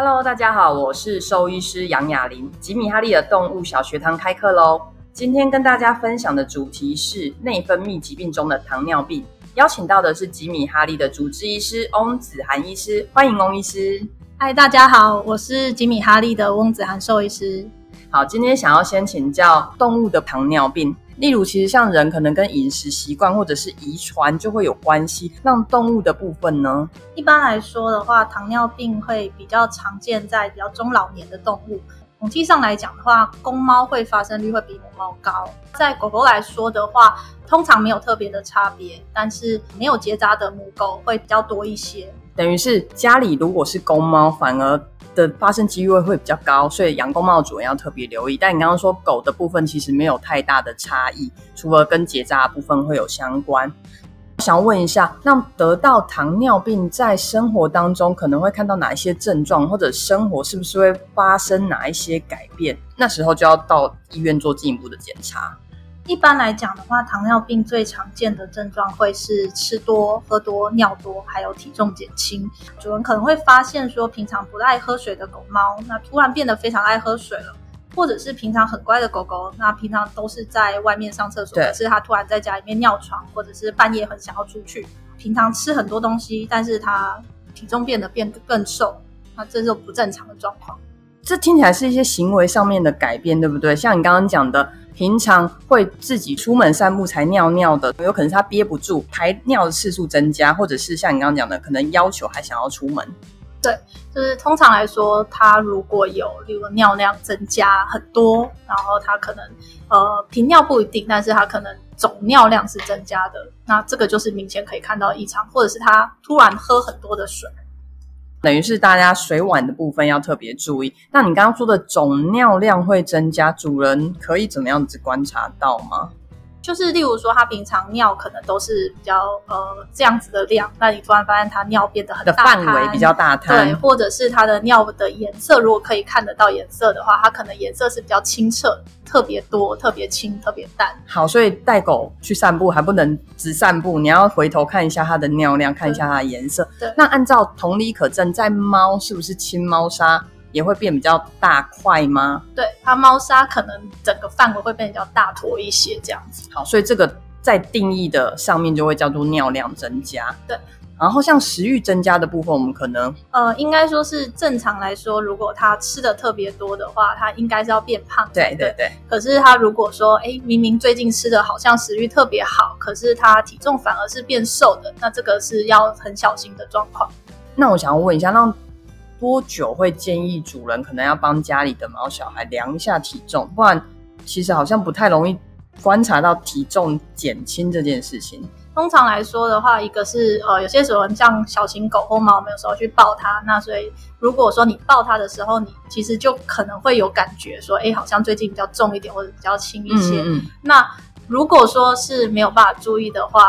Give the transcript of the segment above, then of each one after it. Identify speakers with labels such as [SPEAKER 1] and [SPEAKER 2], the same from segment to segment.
[SPEAKER 1] Hello，大家好，我是獸醫師楊雅鈴。吉米哈利的動物小學堂開課嘍！今天跟大家分享的主題是內分泌疾病中的糖尿病。邀請到的是吉米哈利的主治醫師翁子涵醫師，歡迎翁醫師。
[SPEAKER 2] 嗨，大家好，我是吉米哈利的翁子
[SPEAKER 1] 涵獸醫師。好，今天想要先請教動物的糖尿病。例如，其實像人可能跟飲食習慣或者是遺傳就會有關係。那動物的部分呢？
[SPEAKER 2] 一般來說的話，糖尿病會比較常見在比較中老年的動物。統計上來講的話，公貓會發生率會比母貓高。在狗狗來說的話，通常沒有特別的差別，但是沒有結紮的母狗會比較多一
[SPEAKER 1] 些。等於是家裡如果是公貓，反而的發生幾率會會比較高，所以養公貓主人要特別留意。但你剛剛說狗的部分其實沒有太大的差異，除了跟結扎部分會有相關。我想問一下，那得到糖尿病在生活當中可能會看到哪一些症狀，或者生活是不是會發生哪一些改變？那時候就要到醫院做進一步的檢查。
[SPEAKER 2] 一般來講的話，糖尿病最常見的症狀會是吃多、喝多、尿多，還有體重減輕。主人可能會發現說，平常不愛喝水的狗貓，那突然變得非常愛喝水了；或者是平常很乖的狗狗，那平常都是在外面上廁所，可對是它突然在家裡面尿床，或者是半夜很想要出去。平常吃很多東西，但是它體重變得變得更瘦，那這是不正常的狀況。
[SPEAKER 1] 這聽起來是一些行為上面的改變，對不對？像你剛剛講的。平常會自己出門散步才尿尿的，有可能是他憋不住，排尿的次數增加，或者是像你剛剛講的，可能要求還想要出門。
[SPEAKER 2] 對，就是通常來說，他如果有，例如尿量增加很多，然後他可能呃頻尿，不一定，但是他可能總尿量是增加的，那這個就是明顯可以看到異常，或者是他突然喝很多的水。
[SPEAKER 1] 等於是大家水碗的部分要特別注意。那你剛剛說的總尿量會增加，主人可以怎麼樣子觀察到嗎？就是
[SPEAKER 2] 例如說，它平常尿可能都是比較呃這樣子的量，那你突然發現它尿變得很大的範圍比較
[SPEAKER 1] 大灘。對，或
[SPEAKER 2] 者是它的尿的顏色，如果可以看得到顏色的話，它可能顏色是比較清澈，特別多，特別清，特別淡。
[SPEAKER 1] 好，所以帶狗去散步還不能只散步，你要回頭看一下它的尿量，看一下它的顏色對。對，那按照同理可證，在貓是不是清貓砂？也會變比較大塊嗎？
[SPEAKER 2] 對，它貓砂可能整個範圍會變比較大坨一些這樣子。好，所
[SPEAKER 1] 以這個在定義的上面就會叫做尿量增加。對。然後像食慾增加的部分，我們可能
[SPEAKER 2] 呃，應該說是正常來說，如果它吃的特別多的話，它應該是要變胖。對對對。對對對，可是它如果說，哎、欸，明明最近吃的好像食慾特別好，可是它體重反而是變瘦的，那這個是要很小心的狀
[SPEAKER 1] 況。那我想要問一下，讓多久會建議主人可能要幫家裡的毛小孩量一下體重？不然其實好像不太容易觀察到體重減輕這件事情。
[SPEAKER 2] 通常來說的話，一個是呃，有些主人像小型狗或貓，我們有時候去抱它，那所以如果說你抱它的時候，你其實就可能會有感覺說，哎，好像最近比較重一點或者比較輕一些。嗯嗯那如果說是沒有辦法注意的話。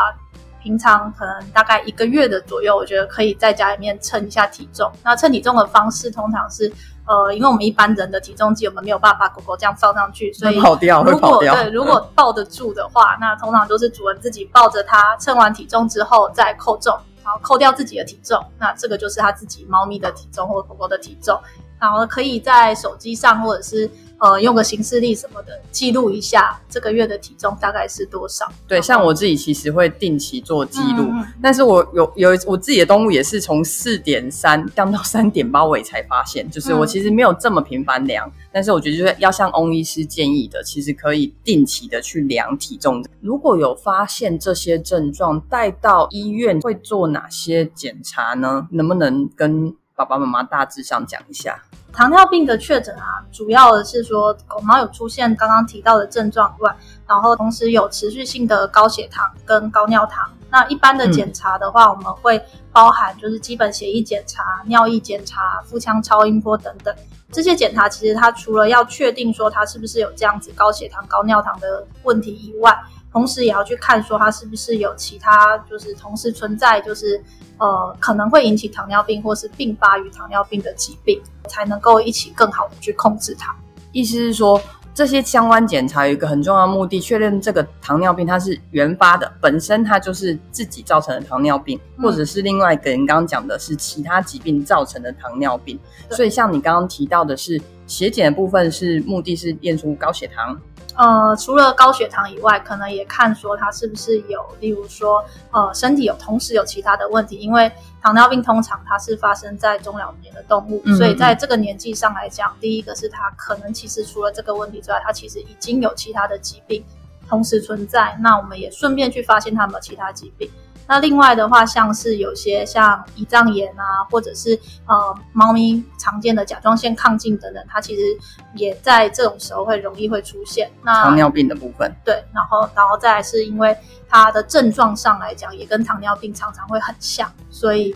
[SPEAKER 2] 平常可能大概一個月的左右，我覺得可以在家裡面稱一下體重。那稱體重的方式通常是，呃，因為我們一般人的體重計我們沒有辦法把狗狗這樣放上去，所以如果跑掉，跑掉，對，如果抱得住的話，那通常都是主人自己抱着它稱完體重之後再扣重，然後扣掉自己的體重，那這個就是它自己貓咪的體重或者狗狗的體重，然後可以在手機上或者是。呃，用個行事曆什麼的記錄一下這個月的體重大概是多
[SPEAKER 1] 少。對，像我自己其實會定期做記錄，嗯、但是我有有我自己的動物也是從四點三降到三點八，我也才發現，就是我其實沒有這麼頻繁量。嗯、但是我覺得就是要像翁醫師建議的，其實可以定期的去量體重。如果有發現這些症狀，帶到醫院會做哪些檢查呢？能不能跟爸爸媽媽大致上講一下，糖尿病的確診啊，
[SPEAKER 2] 主要的是說狗貓有出現剛剛提到的症狀外，然後同時有持續性的高血糖跟高尿糖。那一般的檢查的話，嗯、我們會包含就是基本血液檢查、尿液檢查、腹腔超音波等等這些檢查。其實它除了要確定說它是不是有這樣子高血糖、高尿糖的問題以外，同時也要去看，說它是不是有其他，就是同時存在，就是呃，可能會引起糖尿病，或是併發於糖尿病的疾病，才能夠一起更好的去控制
[SPEAKER 1] 它。意思是說，這些相關檢查有一個很重要的目的，確認這個糖尿病它是原發的，本身它就是自己造成的糖尿病，嗯、或者是另外一個人剛剛講的是其他疾病造成的糖尿病。對所以像你剛剛提到的是血檢的部分，是目的是驗出高血糖。
[SPEAKER 2] 呃，除了高血糖以外，可能也看說他是不是有，例如說，呃，身體有同時有其他的問題，因為糖尿病通常它是發生在中老年的動物，嗯嗯嗯。所以在這個年紀上來講，第一個是他可能其實除了這個問題之外，他其實已經有其他的疾病同時存在，那我們也順便去發現他有沒有其他疾病。那另外的話，像是有些像胰臟炎啊，或者是呃貓咪常見的甲狀腺亢進等等，它其實也在這種時候會容易會出現。那糖尿
[SPEAKER 1] 病的部分。
[SPEAKER 2] 對，然後然後再來是因為它的症狀上來講，也跟糖尿病常常會很像，所以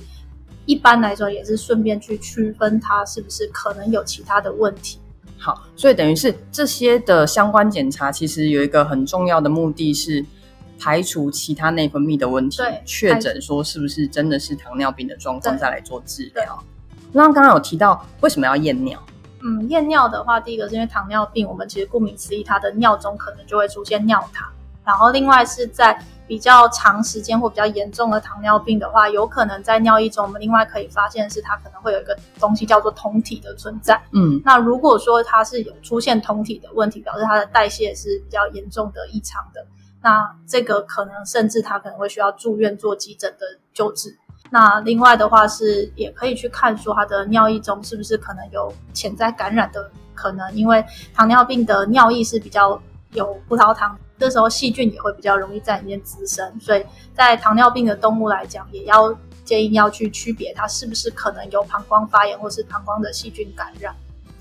[SPEAKER 2] 一般來說也是順便去區分它是不是可能有其他的問題。
[SPEAKER 1] 好，所以等於是這些的相關檢查，其實有一個很重要的目的是。排除其他內分泌的問題，對確診說是不是真的是糖尿病的狀況，對再來做治療。那剛剛有提到為什麼要驗尿？嗯，
[SPEAKER 2] 驗尿的話，第一個是因為糖尿病，我們其實顧名思義，它的尿中可能就會出現尿糖。然後另外是在比較長時間或比較嚴重的糖尿病的話，有可能在尿液中，我們另外可以發現是它可能會有一個東西叫做酮體的存在。嗯，那如果說它是有出現酮體的問題，表示它的代謝是比較嚴重的異常的。那這個可能，甚至他可能會需要住院做急診的救治。那另外的話是，也可以去看說他的尿液中是不是可能有潛在感染的可能，因為糖尿病的尿液是比較有葡萄糖，這時候細菌也會比較容易在裡面滋生。所以在糖尿病的動物來講，也要建議要去區別它是不是可能有膀胱發炎或是膀胱的細菌感染。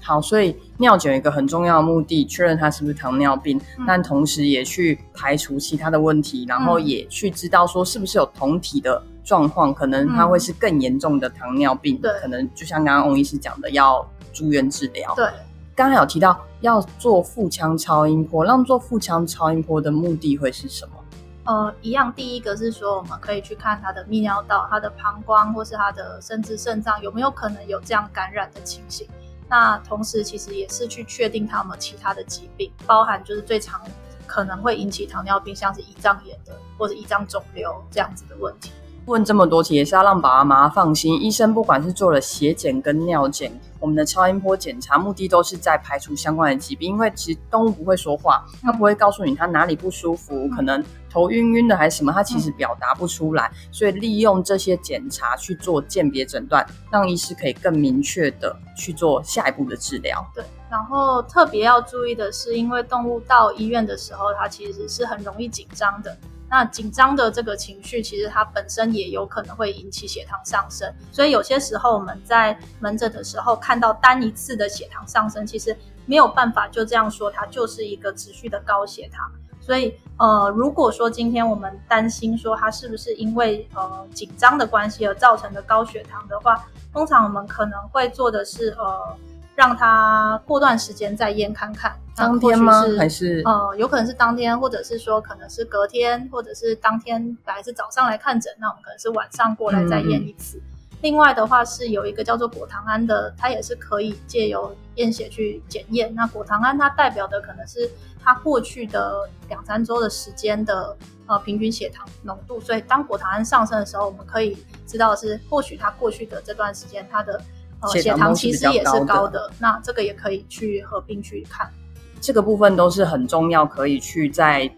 [SPEAKER 1] 好，所以尿檢有一個很重要的目的，確認它是不是糖尿病，嗯、但同時也去排除其他的問題，然後也去知道說是不是有酮體的狀況，嗯、可能它會是更嚴重的糖尿病，嗯、可能就像剛剛翁醫師講的，要住院治療。對，剛才有提到要做腹腔超音波，讓做腹腔超音波的目的會是什麼？
[SPEAKER 2] 呃，一樣，第一個是說我們可以去看他的泌尿道、他的膀胱或是他的甚至腎臟有沒有可能有這樣感染的情形。那同時，其實也是去確定他們其他的疾病，包含就是最常可能會引起糖尿病，像是胰臟炎的，或者胰臟腫瘤這樣子的問題。
[SPEAKER 1] 問這麼多題也是要讓爸爸媽媽放心。醫生不管是做了血檢跟尿檢，我們的超音波檢查，目的都是在排除相關的疾病。因為其實動物不會說話，它不會告訴你它哪裡不舒服，嗯、可能頭暈暈的還是什麼，它其實表達不出來。嗯、所以利用這些檢查去做鑑別診斷，讓醫師可以更明確的去做下一步的治療。對，
[SPEAKER 2] 然後特別要注意的是，因為動物到醫院的時候，它其實是很容易緊張的。那緊張的這個情緒，其實它本身也有可能會引起血糖上升。所以有些時候我們在門診的時候，看到單一次的血糖上升，其實沒有辦法就這樣說它就是一個持續的高血糖。所以呃，如果說今天我們擔心說它是不是因為呃緊張的關係而造成的高血糖的話，通常我們可能會做的是呃。讓他過段時間再驗看看，當天嗎？是還是呃，有可能是當天，或者是說可能是隔天，或者是當天還是早上來看診，那我們可能是晚上過來再驗一次。嗯嗯。另外的話是有一個叫做果糖胺的，它也是可以借由驗血去檢驗。那果糖胺它代表的可能是它過去的兩三周的時間的、呃、平均血糖濃度，所以當果糖胺上升的時候，我們可以知道的是或許它過去的這段時間它的。血糖，血糖其實也是高的，那這個也可以去合併去看。
[SPEAKER 1] 這個部分都是很重要，可以去在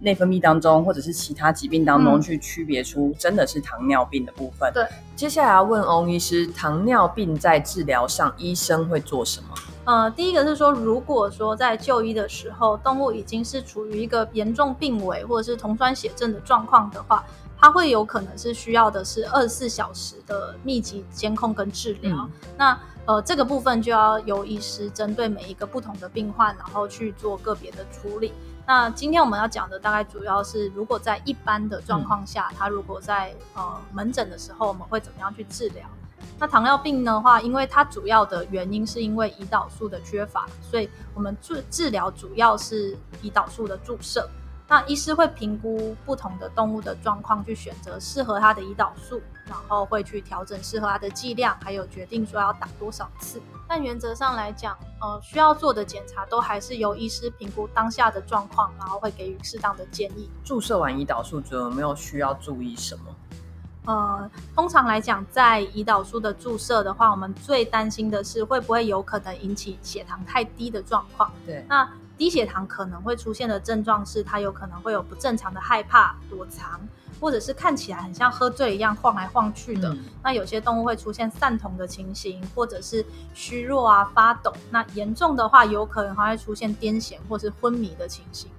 [SPEAKER 1] 內分泌當中，或者是其他疾病當中去區別出真的是糖尿病的部分。嗯，對，接下來要問翁醫師，糖尿病在治療上，醫生會做什麼？
[SPEAKER 2] 呃，第一個是說，如果說在就醫的時候，動物已經是處於一個嚴重病危，或者是酮酸血症的狀況的話。它會有可能是需要的是二十四小時的密集監控跟治療。嗯、那呃，這個部分就要由醫師針對每一個不同的病患，然後去做個別的處理。那今天我們要講的大概主要是，如果在一般的狀況下，他、嗯、如果在呃門診的時候，我們會怎麼樣去治療？那糖尿病的話，因為它主要的原因是因為胰島素的缺乏，所以我們治治療主要是胰島素的注射。那醫師會評估不同的動物的狀況，去選擇適合它的胰島素，然後會去調整適合它的劑量，還有決定說要打多少次。但原則上來講，呃，需要做的檢查都還是由醫師評估當下的狀況，然後會給予適當的建議。
[SPEAKER 1] 注射完胰島素之後，有沒有需要注意什麼？
[SPEAKER 2] 呃，通常來講，在胰島素的注射的話，我們最擔心的是會不會有可能引起血糖太低的狀況。對，那。低血糖可能會出現的症狀是，它有可能會有不正常的害怕、躲藏，或者是看起來很像喝醉一樣晃來晃去的。嗯。那有些動物會出現散瞳的情形，或者是虛弱啊、發抖。那嚴重的話，有
[SPEAKER 1] 可能還會出現癲癇或是昏迷的情形。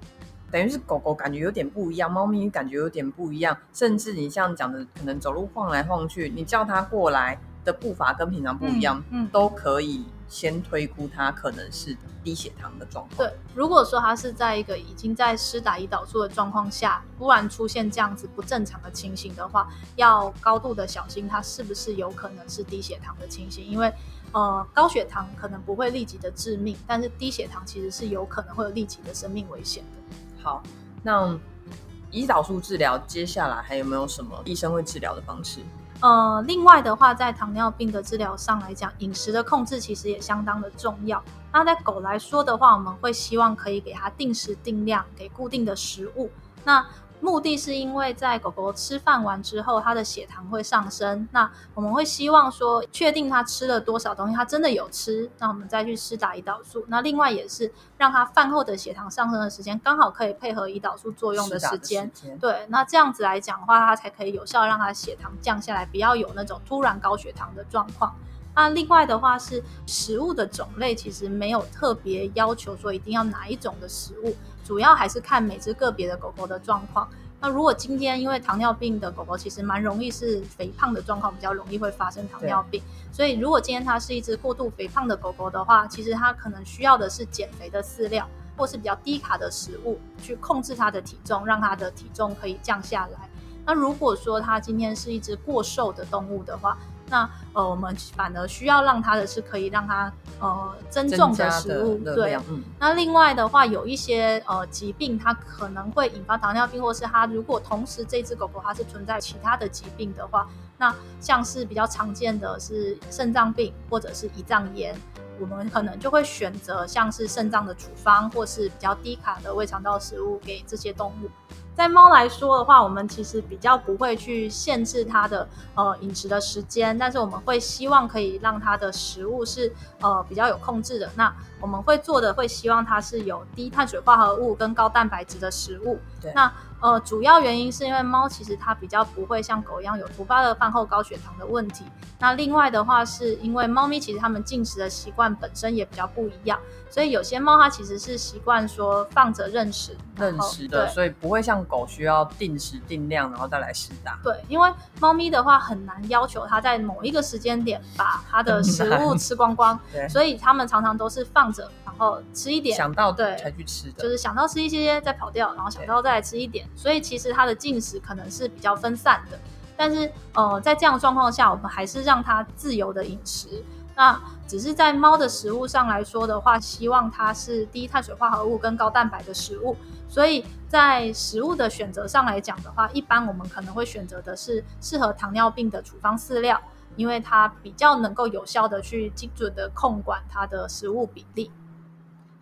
[SPEAKER 1] 等於是狗狗感覺有點不一樣，貓咪感覺有點不一樣，甚至你像講的可能走路晃來晃去，你叫它過來的步伐跟平常不一樣，嗯嗯，都可以先推估他可能是低血糖的狀況。
[SPEAKER 2] 對，如果說他是在一個已經在施打胰島素的狀況下，突然出現這樣子不正常的情形的話，要高度的小心，他是不是有可能是低血糖的情形？因為，呃，高血糖可能不會立即的致命，但是低
[SPEAKER 1] 血糖其實是有可能會有立即的生命危險的。好，那胰島素治療接下來還有沒有什麼醫生會治療的方式？
[SPEAKER 2] 呃，另外的話，在糖尿病的治療上來講，飲食的控制其實也相當的重要。那在狗來說的話，我們會希望可以給它定時定量，給固定的食物。那目的是因為在狗狗吃飯完之後，它的血糖會上升。那我們會希望說，確定它吃了多少東西，它真的有吃，那我們再去施打胰島素。那另外也是讓它飯後的血糖上升的時間，剛好可以配合胰島素作用的時間。施打的時間。對，那這樣子來講的話，它才可以有效讓它血糖降下來，不要有那種突然高血糖的狀況。那另外的話是食物的種類，其實沒有特別要求說一定要哪一種的食物，主要還是看每隻個別的狗狗的狀況。那如果今天因為糖尿病的狗狗，其實蠻容易是肥胖的狀況比較容易會發生糖尿病，所以如果今天它是一隻過度肥胖的狗狗的話，其實它可能需要的是減肥的飼料，或是比較低卡的食物去控制它的體重，讓它的體重可以降下來。那如果說它今天是一隻過瘦的動物的話，那呃，我們反而需要讓它的是可以讓它呃增重的食物，對。嗯。那另外的話，有一些呃疾病，它可能會引發糖尿病，或是它如果同時這隻狗狗它是存在其他的疾病的話，那像是比較常見的是腎臟病或者是胰臟炎，我們可能就會選擇像是腎臟的處方或是比較低卡的胃腸道食物給這些動物。在貓來說的話，我們其實比較不會去限制它的呃飲食的時間，但是我們會希望可以讓它的食物是呃比較有控制的。那我們會做的會希望它是有低碳水化合物跟高蛋白質的食物。對，那。呃，主要原因是因為貓其實它比較不會像狗一樣有突發的飯後高血糖的問題。那另外的話，是因為貓咪其實它們進食的習慣本身也比較不一樣，所以有些貓它其實是習慣說放着任食、任食的，對所
[SPEAKER 1] 以不會像狗需要定時定量然後再來施打。
[SPEAKER 2] 對，因為貓咪的話很難要求它在某一個時間點把它的食物吃光光，所以它們常常都是放着。哦，吃一點想到對才去吃的，就是想到吃一些些再跑掉，然後想到再來吃一點，對所以其實它的進食可能是比較分散的。但是呃，在這樣的狀況下，我們還是讓它自由的飲食。那只是在貓的食物上來說的話，希望它是低碳水化合物跟高蛋白的食物。所以在食物的選擇上來講的話，一般我們可能會選擇的是適合糖尿病的處方飼料，因為它比較能夠有效的去精準的控管它的食物比例。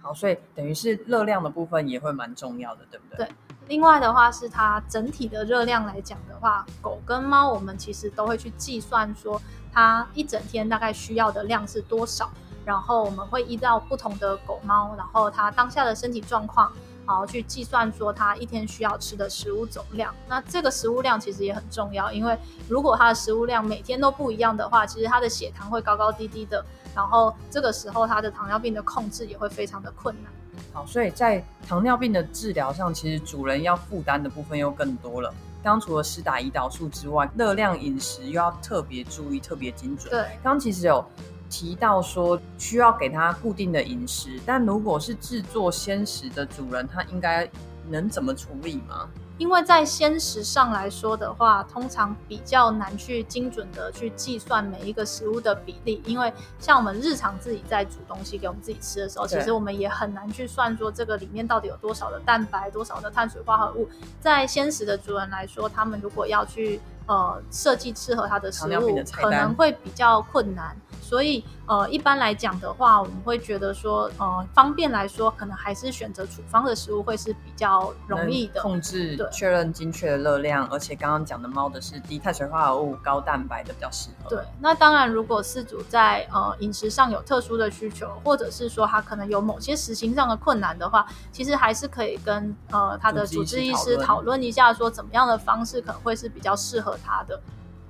[SPEAKER 1] 好，所以等於是熱量的部分也會蠻重要的，對不對？
[SPEAKER 2] 對，另外的話是它整體的熱量來講的話，狗跟貓我們其實都會去計算說它一整天大概需要的量是多少，然後我們會依照不同的狗貓，然後它當下的身體狀況。好，去計算說他一天需要吃的食物總量。那這個食物量其實也很重要，因為如果他的食物量每天都不一樣的話，其實他的血糖會高高低低的。然後這個時候他的糖尿病的控制也會非常的困難。
[SPEAKER 1] 好，所以在糖尿病的治療上，其實主人要負擔的部分又更多了。剛除了施打胰島素之外，熱量飲食又要特別注意，特別精準。對，剛其實有。提到說需要給它固定的飲食，但如果是制作鮮食的主人，他應該能怎麼處理嗎？因
[SPEAKER 2] 為在鮮食上來說的話，通常比較難去精準地去計算每一個食物的比例，因為像我們日常自己在煮東西給我們自己吃的時候，對其實我們也很難去算說這個裡面到底有多少的蛋白、多少的碳水化合物。在鮮食的主人來說，他們如果要去呃，設計適合他的食物可能會比較困難，所以。呃，一般來講的話，我們會覺得說，呃，方便來說，可能還是選擇處方的食物會是比較容易的，控
[SPEAKER 1] 制、確認精確的熱量。對而且剛剛講的貓的是低碳水化合物、高蛋白的比較適合。
[SPEAKER 2] 對，那當然，如果飼主在呃飲食上有特殊的需求，或者是說他可能有某些實行上的困難的話，其實還是可以跟呃他的主治醫師討論一下，說怎麼樣的方式可能會是比較適合他的。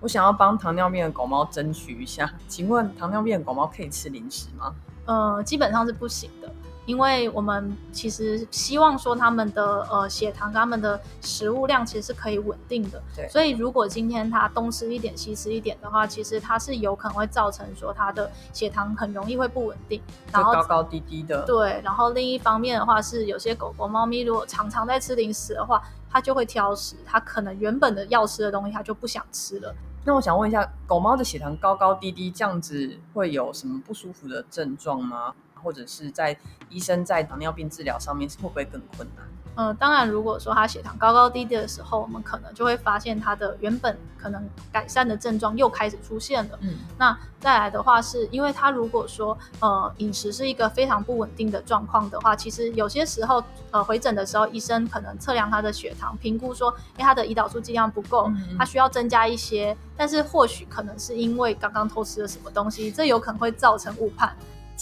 [SPEAKER 1] 我想要幫糖尿病的狗貓爭取一下，請問糖尿病的狗貓可以吃零食嗎？
[SPEAKER 2] 呃，基本上是不行的，因為我們其實希望說它們的呃血糖、它們的食物量其實是可以穩定的。對所以如果今天它東吃一點、西吃一點的話，其實它是有可能會造成說它的血糖很容易會不穩定，然後高高
[SPEAKER 1] 低低的。對。
[SPEAKER 2] 然後另一方面的話是，有些狗狗、貓咪如果常常在吃零食的話，它就會挑食，它可能原本的要吃的東西它就不想吃了。
[SPEAKER 1] 那我想問一下，狗貓的血糖高高低低這樣子會有什麼不舒服的症狀嗎？或者是在醫生在糖尿病治療上面是會不會更困難？
[SPEAKER 2] 嗯，當然，如果說他血糖高高低低的時候，我們可能就會發現他的原本可能改善的症狀又開始出現了。嗯，那再來的話，是因為他如果說呃飲食是一個非常不穩定的狀況的話，其實有些時候呃回診的時候，醫生可能測量他的血糖，評估說哎他的胰島素劑量不夠，嗯、他需要增加一些，但是或許可能是因為剛剛偷吃了什麼東西，這有可能會造成誤判。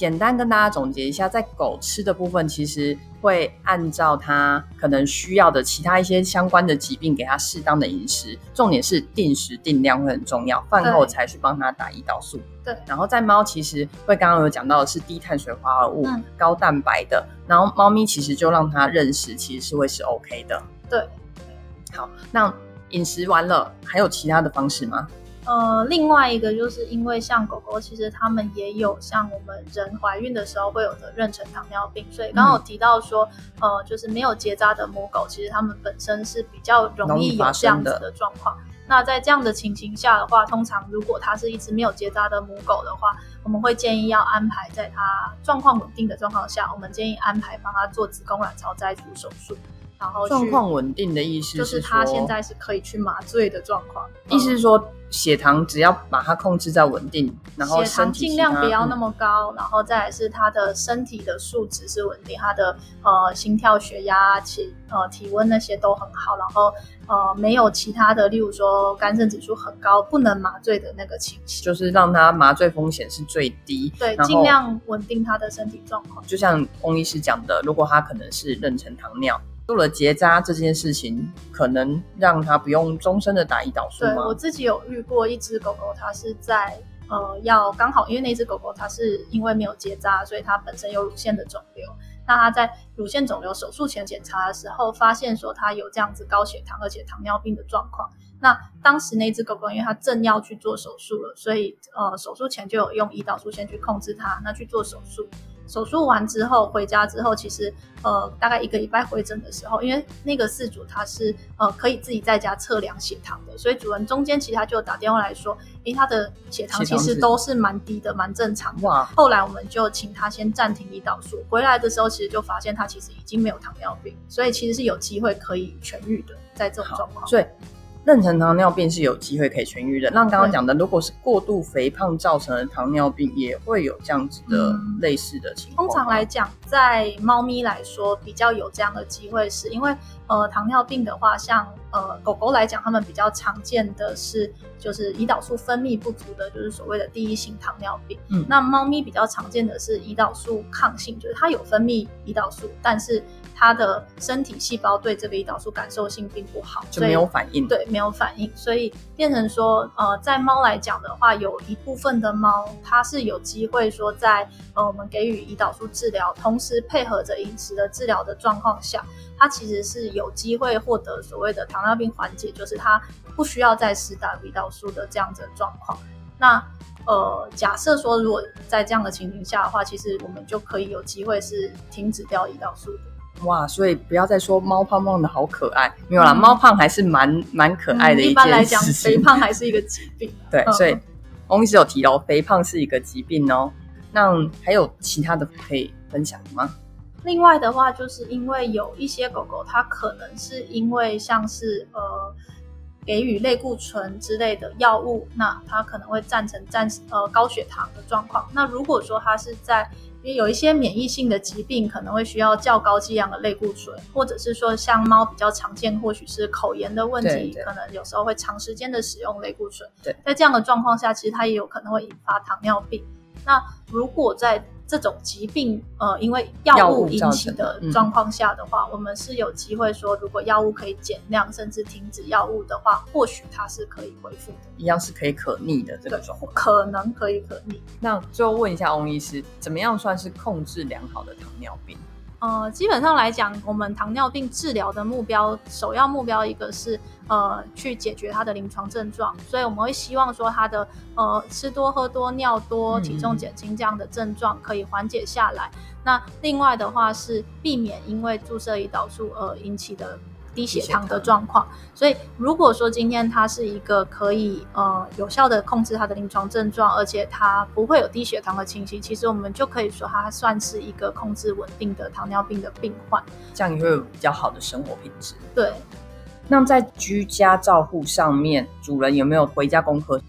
[SPEAKER 1] 簡單跟大家總結一下，在狗吃的部分，其實會按照它可能需要的其他一些相關的疾病，給它適當的飲食。重點是定時定量會很重要，飯後才去幫它打胰島素。對。然後在貓，其實會剛剛有講到的是低碳水化合物、嗯、高蛋白的，然後貓咪其實就讓它認識，其實是會是 OK 的。對。好，那飲食完了，還有其他的方式嗎？
[SPEAKER 2] 呃，另外一個就是因為像狗狗，其實它們也有像我們人懷孕的時候會有的妊娠糖尿病，所以剛剛我提到說，嗯、呃，就是沒有結扎的母狗，其實它們本身是比較容易有這樣子的狀況。那在這樣的情形下的話，通常如果它是一隻沒有結扎的母狗的話，我們會建議要安排在它狀況穩定的狀況下，我們建議安排幫它做子宮卵巢摘除手術。然後狀況
[SPEAKER 1] 穩定的意思是，就是他現在
[SPEAKER 2] 是可以去麻醉的狀況，嗯、意思
[SPEAKER 1] 是說血糖只要把它控制在穩定，然後身體血糖盡量不要那
[SPEAKER 2] 麼高，嗯、然後再來是他的身體的數值是穩定，他的呃心跳、血壓、體呃體溫那些都很好，然後呃沒有其他的，例如說肝腎指數很高不能麻醉的那個情形，
[SPEAKER 1] 就是讓他麻醉風險是最低，對，後盡量
[SPEAKER 2] 穩定他的身體狀況。就像
[SPEAKER 1] 翁醫師講的，對如果他可能是妊娠糖尿做了結紮這件事情，可能讓它不用終身的打胰島素嗎？對，我自
[SPEAKER 2] 己有遇過一隻狗狗，它是在呃要剛好，因為那隻狗狗它是因為沒有結紮，所以它本身有乳腺的腫瘤。那它在乳腺腫瘤手術前檢查的時候，發現說它有這樣子高血糖而且糖尿病的狀況。那當時那隻狗狗，因為它正要去做手術了，所以呃手術前就有用胰島素先去控制它，那去做手術。手術完之後，回家之後，其實呃大概一個禮拜回診的時候，因為那個飼主他是呃可以自己在家測量血糖的，所以主人中間其實他就打電話來說，誒、欸、他的血糖其實都是蠻低的，蠻正常的。後來我們就請他先暫停胰島素，哇回來的時候其實就發現他其實已經沒有糖尿病，所以其實是有機會可以痊癒的，在這種
[SPEAKER 1] 狀況。妊娠糖尿病是有機會可以痊癒的。那剛剛講的，如果是過度肥胖造成的糖尿病，也會有這樣子的類似的情況，嗯。通常來
[SPEAKER 2] 講。在貓咪來說比較有這樣的機會是，是因為呃糖尿病的話，像呃狗狗來講，它們比較常見的是就是胰島素分泌不足的，就是所謂的第一型糖尿病。嗯，那貓咪比較常見的是胰島素抗性，就是它有分泌胰島素，但是它的身體細胞對這個胰島素感受性並不好，就沒有反應。對，沒有反應，所以變成說呃在貓來講的話，有一部分的貓它是有機會說在呃我們給予胰島素治療通，是配合着飲食的治療的狀況下，它其實是有機會獲得所謂的糖尿病緩解，就是它不需要再施打胰島素的這樣子狀況。那呃，假設說如果在這樣的情景下的話，其實我們就可以有機會是停止掉胰島素的。
[SPEAKER 1] 哇，所以不要再說貓胖胖的好可愛，沒有啦，嗯、貓胖還是蠻蠻可愛的一件事情、嗯。一
[SPEAKER 2] 般來講，肥胖還是一個疾病。
[SPEAKER 1] 對，所以我們是有提到肥胖是一個疾病哦、喔。那還有其他的可以分享嗎？
[SPEAKER 2] 另外的話，就是因為有一些狗狗，它可能是因為像是呃給予類固醇之類的藥物，那它可能會造成暫時呃高血糖的狀況。那如果說它是在因為有一些免疫性的疾病，可能會需要較高劑量的類固醇，或者是說像貓比較常見，或許是口炎的問題，可能有時候會長時間的使用類固醇。對，在這樣的狀況下，其實它也有可能會引發糖尿病。那如果在這種疾病，呃，因為藥物引起的狀況下的話，嗯、我們是有機會說，如果藥物可以減量，甚至停
[SPEAKER 1] 止藥物的話，或許它是可以恢復的，一樣是可以可逆的這個狀況，可能可以可逆。那最後問一下翁醫師，怎麼樣算是控制良好的糖尿病？
[SPEAKER 2] 呃，基本上來講，我們糖尿病治療的目標，首要目標一個是呃，去解決他的臨床症狀，所以我們會希望說他的呃吃多、喝多、尿多、體重減輕這樣的症狀可以緩解下來。嗯嗯。那另外的話是避免因為注射胰島素而引起的。低血糖的狀況，所以如果說今天他是一個可以呃有效的控制他的臨床症狀，而且他不會有低血糖的情形，其實我們就可以說他算是一個控制穩定的糖尿病的病患，
[SPEAKER 1] 這樣也會有比較好的生活品質。對，那在居家照護上面，主人有沒有回家功課？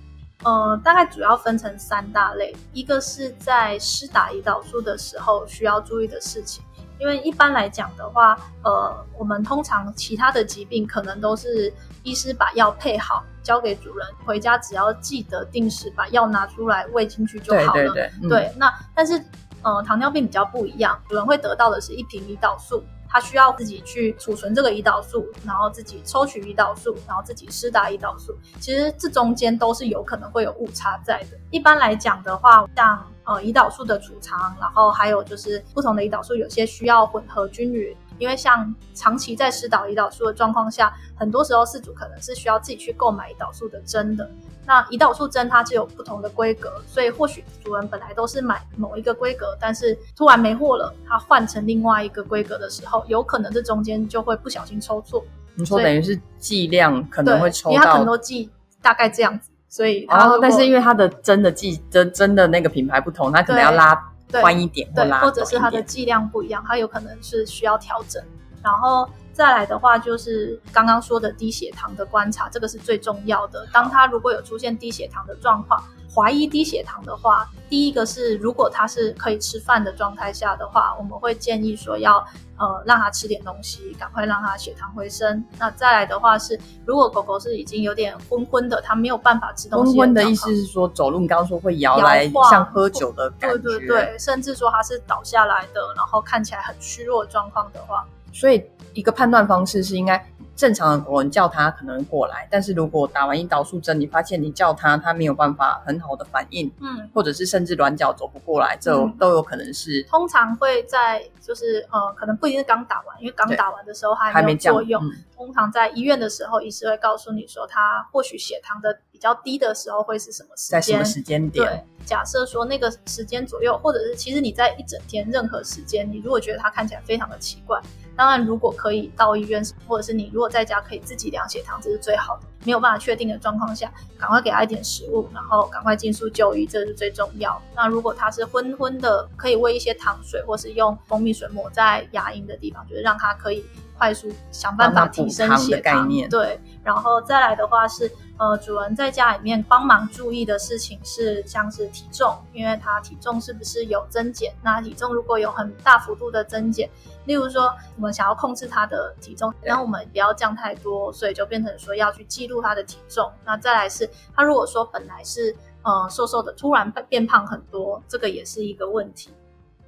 [SPEAKER 2] 呃，大概主要分成三大類，一個是在施打胰島素的時候需要注意的事情。因為一般來講的話，呃，我們通常其他的疾病可能都是醫師把藥配好，交給主人回家，只要記得定時把藥拿出來餵進去就好了。對對對。嗯、對，那但是，呃，糖尿病比較不一樣，主人會得到的是一瓶胰島素。他需要自己去儲存這個胰島素，然後自己抽取胰島素，然後自己施打胰島素。其實這中間都是有可能會有誤差在的。一般來講的話，像呃胰島素的儲藏，然後還有就是不同的胰島素，有些需要混合均勻。因為像長期在施打胰島素的狀況下，很多時候飼主可能是需要自己去購買胰島素的針的。那胰島素針它就有不同的規格，所以或許主人本來都是買某一個規格，但是突然沒貨了，它換成另外一個規格的時候，有可能這中間就會不小心抽錯。你說沒錯，所以，等於是
[SPEAKER 1] 劑量可能會抽到？因為他可能
[SPEAKER 2] 都劑大概這樣子，所以然後、哦、但是因
[SPEAKER 1] 為它的針的劑針針的那個品牌不同，它可能要拉。換對一點，對，或者是它的劑
[SPEAKER 2] 量不一樣，它有可能是需要調整，然後。再來的話就是剛剛說的低血糖的觀察，這個是最重要的。當他如果有出現低血糖的狀況，懷疑低血糖的話，第一個是如果他是可以吃飯的狀態下的話，我們會建議說要呃讓他吃點東西，趕快讓他血糖回升。那再來的話是，如果狗狗是已經有點昏昏的，他沒有辦法吃東西。昏昏的意
[SPEAKER 1] 思是說走路，你剛剛說會搖來像喝酒的感覺。對對對，
[SPEAKER 2] 甚至說他是倒下來的，然後看起來很虛弱狀況的話，
[SPEAKER 1] 所以。一個判斷方式是，應該正常的，我們叫他可能過來。但是如果打完胰島素針，你發現你叫他，他沒有辦法很好的反應，嗯，或者是甚至軟腳走不過來，這種、嗯、都有可能是。
[SPEAKER 2] 通常會在就是呃，可能不一定是剛打完，因為剛打完的時候還沒有作用。嗯、通常在醫院的時候，醫師會告訴你說，他或許血糖的比較低的時候會是什麼時間？在什麼時
[SPEAKER 1] 間點？對，
[SPEAKER 2] 假設說那個時間左右，或者是其實你在一整天任何時間，你如果覺得他看起來非常的奇怪。當然，如果可以到醫院，或者是你如果在家可以自己量血糖，這是最好的。沒有辦法確定的狀況下，趕快給他一點食物，然後趕快盡速就醫，這是最重要的。那如果他是昏昏的，可以餵一些糖水，或是用蜂蜜水抹在牙齦的地方，就是讓他可以快速想辦法提升血糖，啊，的概念。對，然後再來的話是。呃，主人在家裡面幫忙注意的事情是，像是體重，因為他體重是不是有增減？那體重如果有很大幅度的增減，例如說我們想要控制他的體重，然後對我們不要降太多，所以就變成說要去記錄他的體重。那再來是他，如果說本來是嗯、呃、瘦瘦的，突然變變胖很多，這個也是一個問題。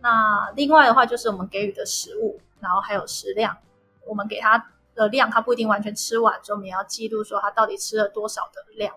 [SPEAKER 2] 那另外的話就是我們給予的食物，然後還有食量，我們給它。的量，他不一定完全吃完，所以我們也要記錄說他到底吃了多少的量。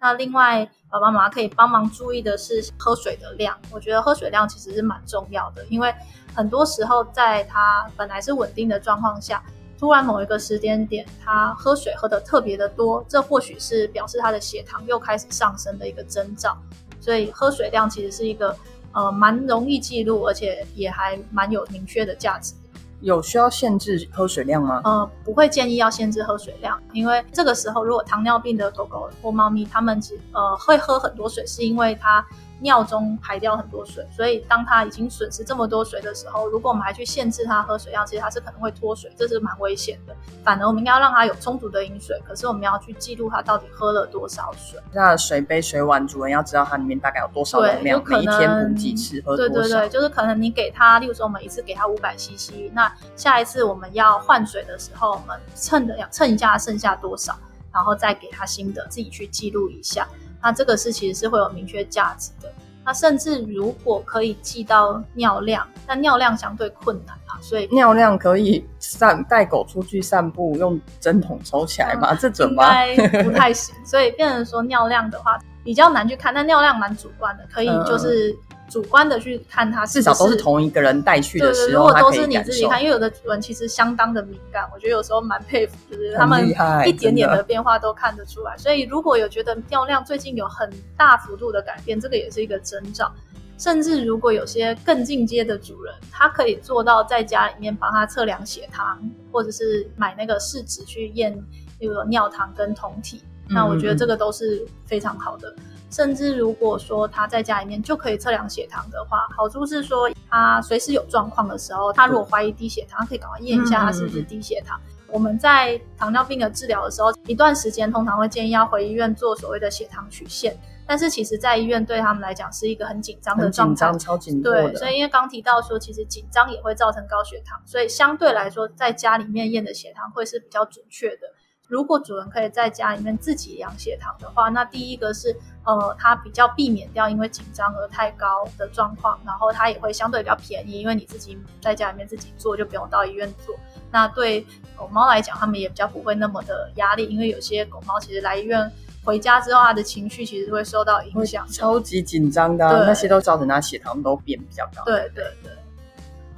[SPEAKER 2] 那另外，爸爸媽媽可以幫忙注意的是喝水的量。我覺得喝水量其實是蠻重要的，因為很多時候在他本來是穩定的狀況下，突然某一個時間點他喝水喝的特別的多，這或許是表示他的血糖又開始上升的一個徵兆。所以喝水量其實是一個，呃，蠻容易記錄，而且也還蠻有明確的價值。
[SPEAKER 1] 有需要限制喝水量嗎？呃，
[SPEAKER 2] 不會建議要限制喝水量，因為這個時候如果糖尿病的狗狗或貓咪他只，它們呃會喝很多水，是因為它。尿中排掉很多水，所以當它已經損失這麼多水的時候，如果我們還去限制它喝水量，其實它是可能會脫水，這是蠻危險的。反而我們應該要讓它有充足的飲水，可是我們要去記錄它到底喝了多少水。那
[SPEAKER 1] 水杯水完、水碗主人要知道它裡面大概有多少容量，可以填補幾次喝水。對對對，就
[SPEAKER 2] 是可能你給它，例如說我們一次給它五百 CC，那下一次我們要換水的時候，我們稱的稱一下剩下多少。然後再給他新的，自己去記錄一下。那這個是其實是會有明確價值的。那甚至如果可以記到尿量，但尿量相對困難啊，
[SPEAKER 1] 所以尿量可以散帶狗出去散步，用針筒抽起來嘛？嗯、這準嗎？不太
[SPEAKER 2] 行。 所以變成說尿量的話，比較難去看。但尿量蠻主觀的，可以就是。嗯主觀的去看它，至少都是同
[SPEAKER 1] 一個人帶去的時候，如果都是你自己看，他可以感受。因為有
[SPEAKER 2] 的主人其實相當的敏感，我覺得有時候蠻佩服，就是他們一點點的變化都看得出來。所以如果有覺得尿量最近有很大幅度的改變，的這個也是一個徵兆。甚至如果有些更進階的主人，他可以做到在家裡面幫他測量血糖，或者是買那個試紙去驗，那個尿糖跟酮體。嗯、那我覺得這個都是非常好的。甚至如果說他在家裡面就可以測量血糖的話，好處是說他隨時有狀況的時候，他如果懷疑低血糖，可以趕快驗一下他是不是低血糖。嗯嗯嗯。我們在糖尿病的治療的時候，一段時間通常會建議要回醫院做所謂的血糖曲線，但是其實在醫院對他們來講是一個很緊張的狀況，很緊張，超緊
[SPEAKER 1] 張。對，所以因為
[SPEAKER 2] 剛提到說其實緊張也會造成高血糖，所以相對來說在家裡面驗的血糖會是比較準確的。如果主人可以在家裡面自己驗血糖的話，那第一個是，呃，它比較避免掉，因為緊張而太高的狀況，然後它也會相對比較便宜，因為你自己在家裡面自己做，就不用到醫院做。那對狗貓來講，他們也比較不會那麼的壓力，因為有些狗貓其實來醫院回家之後，它的情緒其實會受到影響，
[SPEAKER 1] 超級緊張的、啊，對那些都造成它血糖都變比較高。對，對對對。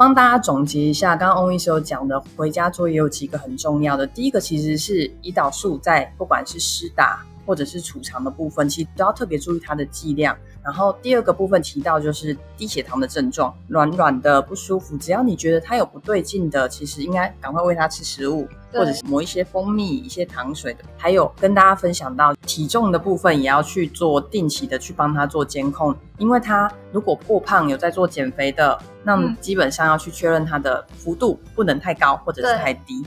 [SPEAKER 1] 幫大家總結一下，剛剛翁醫師有講的回家作業有幾個很重要的。第一個其實是胰島素在不管是施打，或者是儲藏的部分，其實都要特別注意它的劑量。然後第二個部分提到就是低血糖的症狀，軟軟的不舒服，只要你覺得它有不對勁的，其實應該趕快餵它吃食物，對或者是抹一些蜂蜜、一些糖水的。還有跟大家分享到體重的部分，也要去做定期的去幫它做監控，因為它如果過胖，有在做減肥的，那基本上要去確認它的幅度不能太高或者是太低。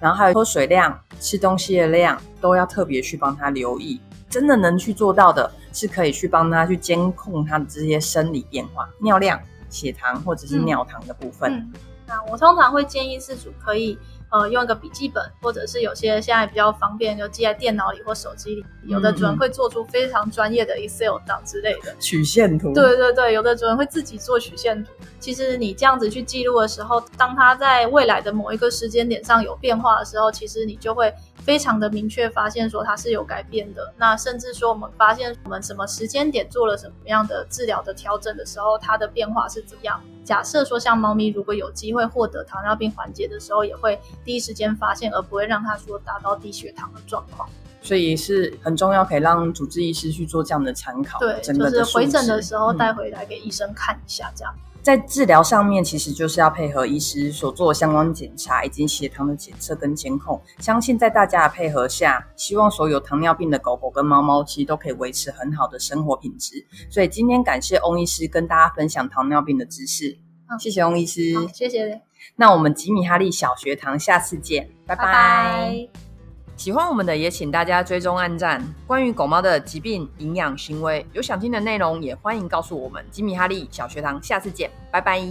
[SPEAKER 1] 然後還有喝水量、吃東西的量，都要特別去幫他留意。真的能去做到的，是可以去幫他去監控他的這些生理變化，尿量、血糖或者是尿糖的部分。嗯嗯、那我通
[SPEAKER 2] 常會建議飼主可以。呃，用一個筆記本，或者是有些現在比較方便，就記在電腦裡或手機裡。嗯嗯。有的主人會做出非常專業的 Excel 檔之類的。
[SPEAKER 1] 曲線圖。對對
[SPEAKER 2] 對，有的主人會自己做曲線圖。其實你這樣子去記錄的時候，當它在未來的某一個時間點上有變化的時候，其實你就會，非常的明確，發現說它是有改變的。那甚至說，我們發現我們什麼時間點做了什麼樣的治療的調整的時候，它的變化是怎樣？假設說，像貓咪如果有機會獲得糖尿病緩解的時候，也會第一時間發現，而不會讓它說達到低血糖的狀況。
[SPEAKER 1] 所以是很重要，可以讓主治醫師去做這樣的參考。對，的的就是回診的時
[SPEAKER 2] 候帶回來給醫生看一下，這樣。嗯
[SPEAKER 1] 在治療上面，其實就是要配合醫師所做相關檢查，以及血糖的檢測跟監控。相信在大家的配合下，希望所有糖尿病的狗狗跟貓貓，其實都可以維持很好的生活品質。所以今天感謝翁醫師跟大家分享糖尿病的知識，好謝謝翁醫師，好
[SPEAKER 2] 謝謝。
[SPEAKER 1] 那我們吉米哈利小學堂下次見，拜拜 bye。Bye bye 喜歡我們的也請大家追蹤、按讚。關於狗貓的疾病、營養、行為，有想聽的內容也歡迎告訴我們。吉米哈利小學堂，下次見，拜拜。